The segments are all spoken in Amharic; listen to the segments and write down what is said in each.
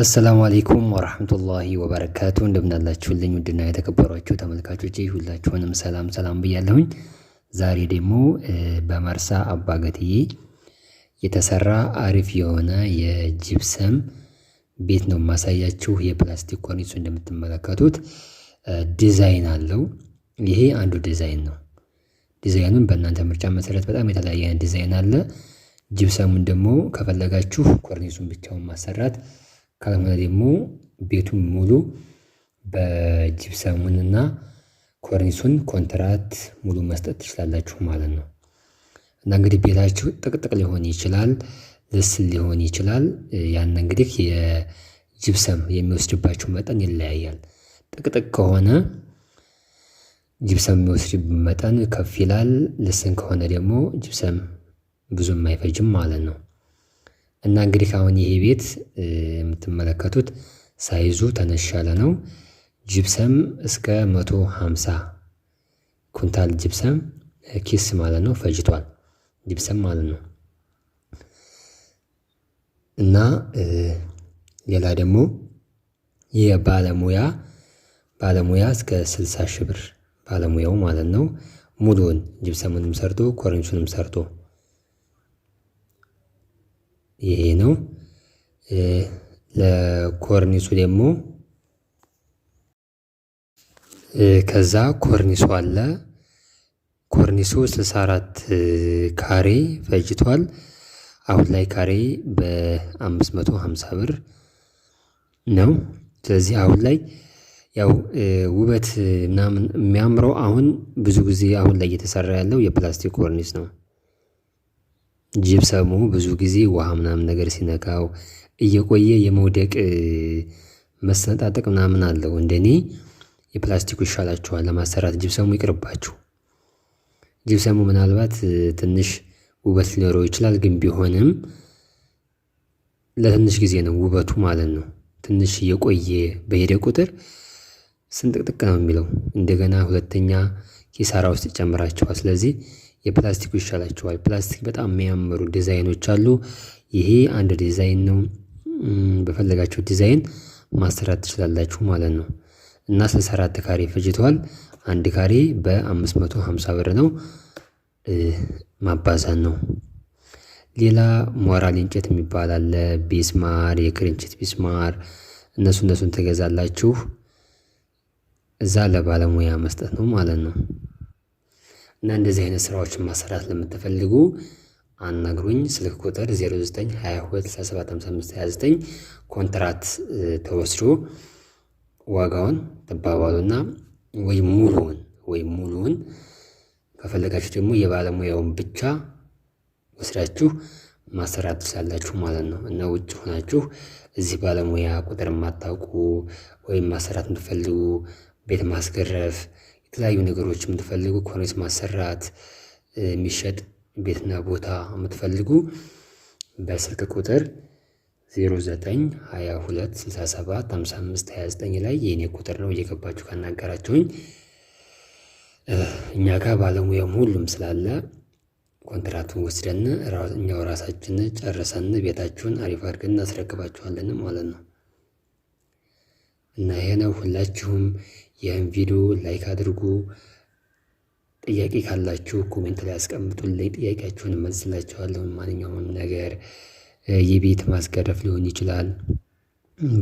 አሰላሙ አሌይኩም ወራህመቱላሂ ወበረካቱ እንደምናላችሁልኝ ውድና የተከበሯችሁ ተመልካቾቼ ሁላችሁንም ሰላም ሰላም ብያለሁኝ። ዛሬ ደግሞ በመርሳ አባገትዬ የተሰራ አሪፍ የሆነ የጂፕሰም ቤት ነው ማሳያችሁ። የፕላስቲክ ኮርኒሱ እንደምትመለከቱት ዲዛይን አለው። ይሄ አንዱ ዲዛይን ነው። ዲዛይኑን በእናንተ ምርጫ መሰረት በጣም የተለያየ ዲዛይን አለ። ጅብሰሙን ደግሞ ከፈለጋችሁ ኮርኒሱን ብቻውን ማሰራት ካልሆነ ደግሞ ቤቱን ሙሉ በጅብሰሙንና ኮርኒሱን ኮንትራት ሙሉ መስጠት ትችላላችሁ ማለት ነው። እና እንግዲህ ቤታችሁ ጥቅጥቅ ሊሆን ይችላል፣ ልስን ሊሆን ይችላል። ያን እንግዲህ የጅብሰም የሚወስድባችሁ መጠን ይለያያል። ጥቅጥቅ ከሆነ ጅብሰም የሚወስድ መጠን ከፍ ይላል። ልስን ከሆነ ደግሞ ጅብሰም ብዙም አይፈጅም ማለት ነው። እና እንግዲህ አሁን ይሄ ቤት የምትመለከቱት ሳይዙ ተነሻለ ነው። ጅብሰም እስከ 150 ኩንታል ጅብሰም ኪስ ማለት ነው ፈጅቷል። ጅብሰም ማለት ነው እና ሌላ ደግሞ የባለሙያ ባለሙያ እስከ 60 ሺህ ብር ባለሙያው ማለት ነው ሙሉውን ጅብሰሙንም ሰርቶ ኮረንሱንም ሰርቶ ይሄ ነው። ለኮርኒሱ ደግሞ ከዛ ኮርኒሱ አለ። ኮርኒሱ 64 ካሬ ፈጅቷል። አሁን ላይ ካሬ በ550 ብር ነው። ስለዚህ አሁን ላይ ያው ውበት ምናምን የሚያምረው አሁን ብዙ ጊዜ አሁን ላይ እየተሰራ ያለው የፕላስቲክ ኮርኒስ ነው። ጅብሰሙ ብዙ ጊዜ ውሃ ምናምን ነገር ሲነካው እየቆየ የመውደቅ መሰነጣጠቅ ምናምን አለው። እንደኔ የፕላስቲኩ ይሻላችኋል ለማሰራት፣ ጅብሰሙ ይቅርባችሁ። ጅብሰሙ ምናልባት ትንሽ ውበት ሊኖረው ይችላል፣ ግን ቢሆንም ለትንሽ ጊዜ ነው ውበቱ ማለት ነው። ትንሽ እየቆየ በሄደ ቁጥር ስንጥቅጥቅ ነው የሚለው። እንደገና ሁለተኛ ኪሳራ ውስጥ ይጨምራችኋል። ስለዚህ የፕላስቲኩ ይሻላችኋል። ፕላስቲክ በጣም የሚያምሩ ዲዛይኖች አሉ። ይሄ አንድ ዲዛይን ነው። በፈለጋችሁ ዲዛይን ማሰራት ትችላላችሁ ማለት ነው። እና 64 ካሬ ፈጅቷል። አንድ ካሬ በ550 ብር ነው። ማባዛን ነው። ሌላ ሞራል እንጨት የሚባል አለ። ቢስማር፣ የክርንችት ቢስማር እነሱ እነሱን ትገዛላችሁ። እዛ ለባለሙያ መስጠት ነው ማለት ነው። እና እንደዚህ አይነት ስራዎችን ማሰራት ለምትፈልጉ አናግሩኝ። ስልክ ቁጥር 0922375529 ኮንትራት ተወስዶ ዋጋውን ተባባሉና ወይ ሙሉውን ወይ ሙሉውን ከፈለጋችሁ ደግሞ የባለሙያውን ብቻ ወስዳችሁ ማሰራት ትችላላችሁ ማለት ነው እና ውጭ ሆናችሁ እዚህ ባለሙያ ቁጥር የማታውቁ ወይም ማሰራት የምትፈልጉ ቤት ማስገረፍ የተለያዩ ነገሮች የምትፈልጉ ኮንስ ማሰራት የሚሸጥ ቤትና ቦታ የምትፈልጉ በስልክ ቁጥር 0922675529 ላይ የእኔ ቁጥር ነው። እየገባችሁ ካናገራችሁኝ እኛ ጋር ባለሙያም ሁሉም ስላለ ኮንትራቱን ወስደን እኛው ራሳችን ጨርሰን ቤታችሁን አሪፍ አድርገን እናስረክባችኋለን ማለት ነው እና ይሄ ነው ሁላችሁም ይህን ቪዲዮ ላይክ አድርጉ። ጥያቄ ካላችሁ ኮሜንት ላይ አስቀምጡልኝ። ጥያቄያችሁን እመልስላችኋለሁ። ማንኛውም ነገር የቤት ማስገረፍ ሊሆን ይችላል፣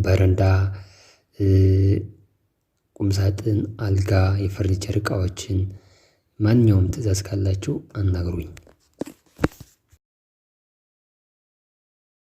በረንዳ፣ ቁምሳጥን፣ አልጋ፣ የፈርኒቸር እቃዎችን ማንኛውም ትዕዛዝ ካላችሁ አናግሩኝ።